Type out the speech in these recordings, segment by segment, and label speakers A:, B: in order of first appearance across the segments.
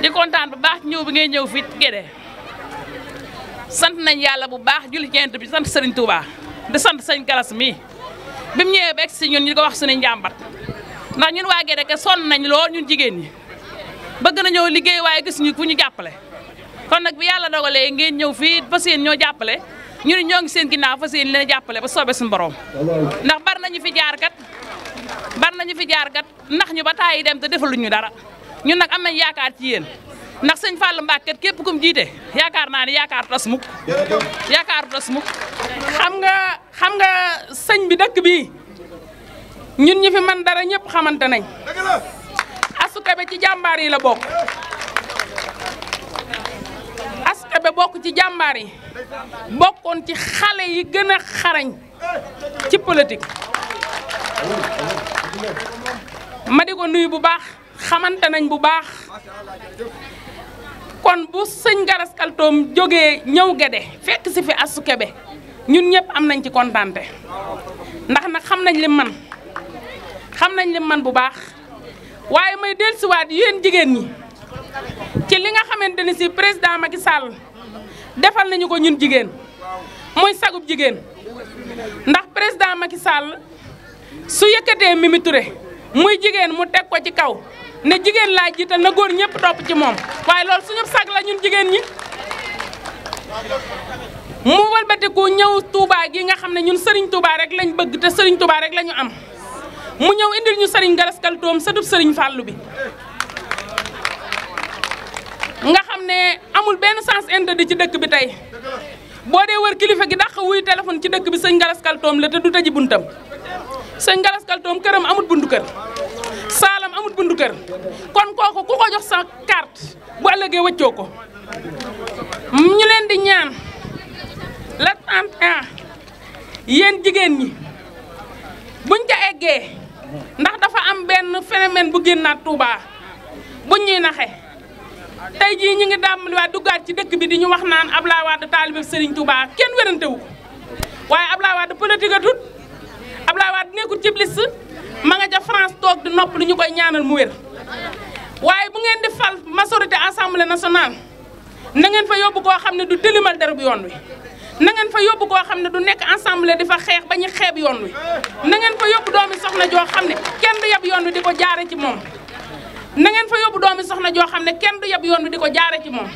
A: di kontaan bu baax ñëw bi ngay ñëw fii Guédé sant nañ yàlla bu baax juli jeent bi sant Serigne Touba di sant sëñ Galas mi bi ñee ñëwee ba ñun ñu ko wax suñu njàmbat ndax ñun waa Guédé ke sonn nañ lool ñun jigéen ñi bëgg nañoo liggéey waaye gis ñu fu ñu jàppale kon nag bi yàlla dogalee ngeen ñëw fii fas yéen ñoo jàppale ñu ne ñoo ngi seen ginnaaw fas yéen leen jàppale ba soobee suñu borom ndax bar nañu fi jaar kat bar nañu fi jaar kat ndax ñu ba taay dem te defaluñu dara ñun nag am nañ yaakaar ci yéen ndax sëñ Fallou Mbacke képp kum jiite yaakaar naa ne yaakaar tas mukk yaakaar tas mukk xam nga xam nga sëñ bi dëkk bi ñun ñi fi man dara ñëpp xamante nañ Asoukabe ci jàmbaar yi la bokk Asoukabe bokk ci jàmbaar yi bokkoon ci xale yi gën a xarañ ci politique ma di ko bu baax xamante nañ bu baax kon bu sëñ Garas Kaltoom jóge ñëw Gede fekk si fi Astou Kébé ñun ñëpp am nañ ci kontante ndax nag xam nañ li man xam nañ li man bu baax waaye may dellusiwaat yéen jigéen ñi ci li nga xamante ni si président Macky Sall defal nañu ko ñun jigéen muy sagub jigéen ndax président Macky Sall su yëkkatee mimiture Touré muy jigéen mu teg ko ci kaw ne jigéen laa jiital na góor ñëpp topp ci moom waaye loolu suñu sag la jigéen ñi mu walbatiku ñëw tuuba gi nga xam ne ñun sëriñ Touba rek lañ bëgg te Serigne Touba rek lañu am mu ñëw indil ñu Serigne Garas Kaltoom sëtub Serigne Fallou bi nga xam ne amul benn sens di ci dëkk bi tey boo dee wër kilifa gi dàq wuy téléphone ci dëkk bi sëñ Garas Kaltoom la te du tëji buntam sëñ Garas Kaltoom këram amul buntu kër. bundu kër kon kooku ku ko sa carte bu ëllëgee wëccoo ko ñu leen di ñaan la trente et un jigéen ñi buñ ca eggee ndax dafa am benn phénomène bu génnaat Touba buñ ñuy naxe tey jii ñu ngi dàmbali waa duggaat ci dëkk bi di ñu wax naan Abdoulaye Wade taalibe Serigne Touba kenn wérante wu ko waaye Abdoulaye Wade politique a tut Abdoulaye Wade nekkul ci liste ma nga jaf France toog di nopp lu ñu koy ñaanal mu wér waaye bu ngeen di fal majorité assemblée nationale na ngeen fa yóbbu koo xam ne du tëlimal dara bu yoon wi na ngeen fa yóbbu koo xam ne du nekk assemblée di fa xeex ba ñu xeeb yoon wi na ngeen fa yóbbu doomi soxna joo xam ne kenn du yab yoon wi di ko jaare ci moom na ngeen fa yóbbu doomi soxna joo xam ne kenn du yab yoon wi di ko jaare ci moom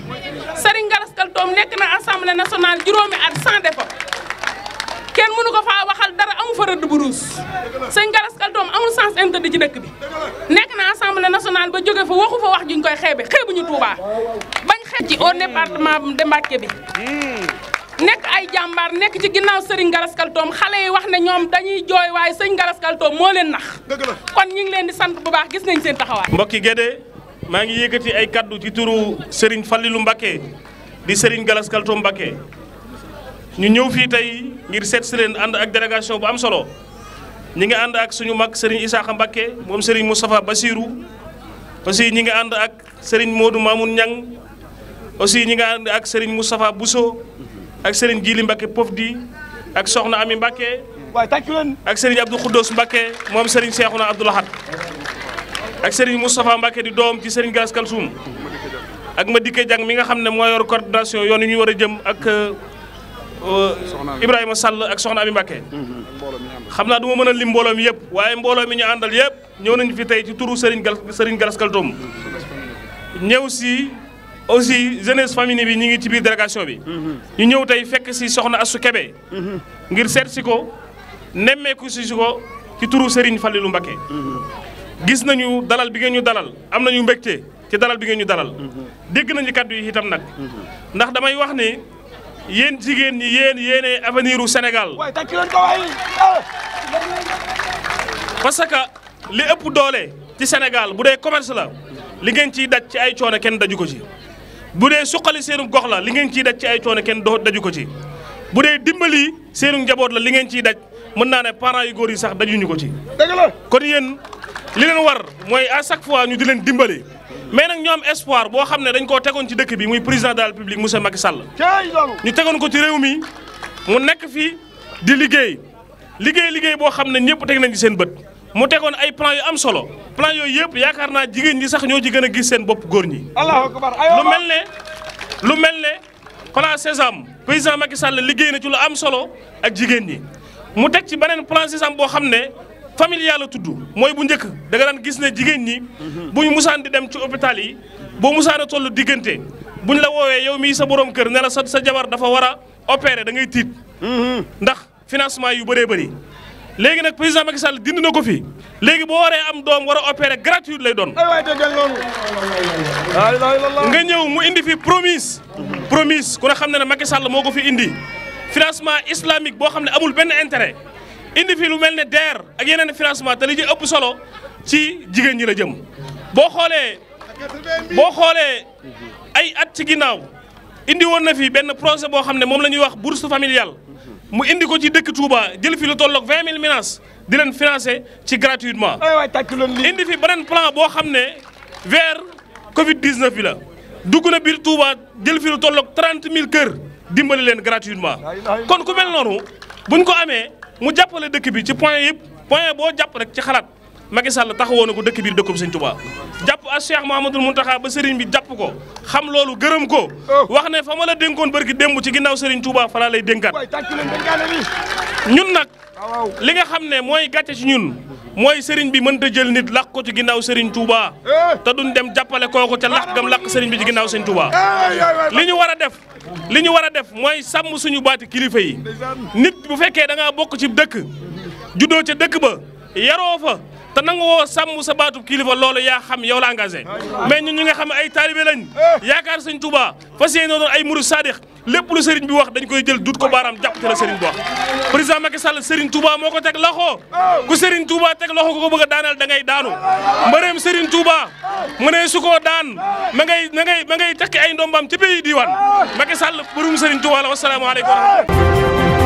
A: Serigne Galaskal Toom nekk na assemblée nationale juróomi at sans défaut kenn mënu ko dafa rëdd bu ruus sëñ Galas Kaltoom amul sens interdit ci dëkk bi nekk na assemblée nationale ba jóge fa waxu fa wax juñ koy xeebe xeebuñu Touba bañ xeeb ci au département bi Mbacké bi nekk ay jàmbaar nekk ci ginnaaw sëriñ Galas Kaltoom xale yi wax ne ñoom dañuy jooy waaye sëñ Galas Kaltoom moo leen nax kon ñu ngi leen di sant bu baax gis nañ seen taxawaay
B: mbokki Guédé maa ngi yëkkati ay kaddu ci turu sëriñ Fallilou Mbacké di sëriñ Galas Kaltoom Mbacké ñu ñëw fii tey ngir seet si leen ànd ak délégation bu am solo ñi nga ànd ak suñu mag Serigne Isaaxa Mbakke moom Serigne Moustapha Bassirou aussi ñi nga ànd ak Serigne Modou Mamoun Niang aussi ñi ngi ànd ak Serigne Moustapha Bousso ak Serigne Jili Mbakke Pofdi ak Soxna Ami Mbakke ak Serigne Abdou Khoudous Mbakke moom Serigne Cheikhouna Abdou Lahad ak Serigne Moustapha Mbakke di doom ci Serigne Gass Kalsoum ak Madike Diang mi nga xam ne moo yor coordination yoon yu ñu war a jëm ak. Ibrahima Sall ak soxna Ami Mbacke mm-hmm. xam naa du ma mën a lim mbooloo mi yëpp waaye mbooloo mi ñu àndal yëpp ñëw nañu fi tey ci turu Serigne Gal Serigne Gallas Kaltoum mm-hmm. ñëw si aussi jeunesse famille bi ñu ngi ci biir délégation bi mm-hmm. ñu ñëw tey fekk si soxna Assou Kébé ngir seet si ko nemmeeku si si ko ci turu Serigne Fallilou Mbacke gis nañu dalal bi ngeen ñu dalal am na ñu mbégte ci dalal bi ngeen ñu dalal dégg nañu kàddu yi itam nag ndax damay wax ni yéen jigéen ñi yéen yéenee avenir u Sénégal ah. parce que li ëpp doole ci Sénégal bu dee commerce la li ngeen ciy daj ci ay coono kenn daju ko ci bu dee suqali seenu gox la li ngeen ciy daj ci ay coono kenn daju ko ci bu dee dimbali seenu njaboot la li ngeen ciy daj mën naa ne parents yu góor yi sax dajuñu ko ci. kon yéen li leen war mooy à chaque fois ñu di leen dimbali. mais nag ñoom espoir boo xam ne dañ koo tegoon ci dëkk bi muy président de la république monsieur Macky Sall ñu tegoon ko ci réew mi mu nekk fii di liggéey liggéey liggéey boo xam ne ñëpp teg nañ seen bët mu tegoon ay plan yu am solo plan yooyu yëpp yaakaar naa jigéen ñi sax ñoo ci gën a gis seen bopp góor ñi lu mel ne lu mel ne plan Sésame président Macky Sall liggéey na ci lu am solo ak jigéen ñi mu teg ci beneen plan Sésame boo xam ne familial la tudd mooy bu njëkk da nga daan gis ne jigéen ñi bu ñu musaan di dem ci hôpital yi boo musaan a diggante bu la woowee yow mii sa borom kër ne la sa sa jabar dafa war a opérer da ngay tiit ndax financement yu bëree bëri léegi nag président Macky Sall dindi na ko fi léegi boo waree am doom war a opérer gratuit lay doon nga ñëw mu indi fi promise promise ku ne xam ne ne Macky Sall moo ko fi indi financement islamique boo xam ne amul benn intérêt indi fi lu mel ne DER ak yeneen financement te li ci ëpp solo ci jigéen ñi la jëm boo xoolee boo xoolee ay at ci ginnaaw indi woon na fi benn projet boo xam ne moom la ñuy wax bourse familiale mu indi ko ci dëkk Touba jël fi lu tolloog 20 000 di leen financé ci gratuitement indi fi beneen plan boo xam ne vers Covid 19 bi la dugg na biir Touba jël fi lu tolloog 30 000 kër dimbali leen gratuitement kon ku mel noonu buñ ko amee. mu jàppale dëkk bi ci point yëpp point boo jàpp rek ci xalaat Macky Sall taxawoo na ko dëkk biir dëkkub Sëñ Touba jàpp ak Cheikh Mouhamadoul taxaa ba sëriñ bi jàpp ko xam loolu gërëm ko wax ne fa ma la dénkoon bërki démb ci ginnaaw sëriñ Touba fa laa lay dénkaat ñun nag li nga xam ne mooy gàcce ci ñun mooy sëriñ bi mënta jël nit làq ko ci ginnaaw sëriñ Touba eh. te duñ dem jàppale kooku ca làq gam làkk sëriñ bi ci ginnaaw sëriñ Touba eh, li ñu war a def li ñu war a def mooy sàmm suñu baati kilifa yi nit bu fekkee da ngaa bokk ci dëkk juddoo ca dëkk ba yaroo fa te nanga woo sàmm sa baatu kilifa loolu yaa xam yow la engagé mais ñun ñu nga xam ay taalibe lañ eh. yaakaar sëriñ Touba fas yéene doon ay murid saadix lépp lu bi wax dañ koy jël dut ko baaraam jàpp te la sëriñ bi wax président Macky Sall Touba moo ko teg loxo ku sëriñ Touba teg loxo ku ko bëgg a daaneel da ngay daanu mbëreem sëriñ Touba mu ne su koo daan ma ngay ma ma ngay takki ay ndombam ci pays diiwaan Macky Sall bërum sëriñ Touba la wasalaamaaleykum